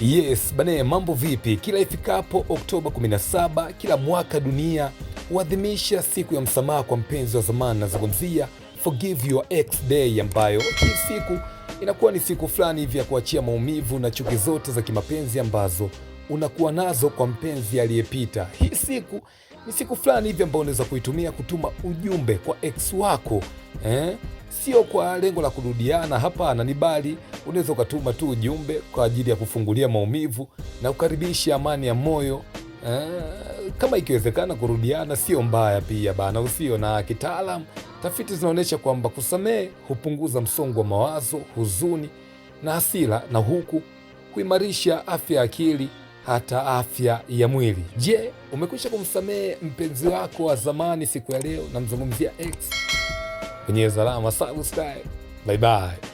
Yes bane, mambo vipi? Kila ifikapo Oktoba 17 kila mwaka dunia huadhimisha siku ya msamaha kwa mpenzi wa zamani, nazungumzia Forgive Your Ex Day, ambayo hii siku inakuwa ni siku fulani hivi ya kuachia maumivu na chuki zote za kimapenzi ambazo unakuwa nazo kwa mpenzi aliyepita. Hii siku ni siku fulani hivi ambayo unaweza kuitumia kutuma ujumbe kwa ex wako eh? sio kwa lengo la kurudiana, hapana, ni bali unaweza ukatuma tu ujumbe kwa ajili ya kufungulia maumivu na kukaribisha amani ya moyo. Eh, kama ikiwezekana kurudiana sio mbaya pia bana, usio na kitaalam. Tafiti zinaonyesha kwamba kusamehe hupunguza msongo wa mawazo, huzuni na hasira, na huku kuimarisha afya ya akili hata afya ya mwili. Je, umekwisha kumsamehe mpenzi wako wa zamani siku ya leo? Namzungumzia ex. Penyesalah Masa Ustaz Bye-bye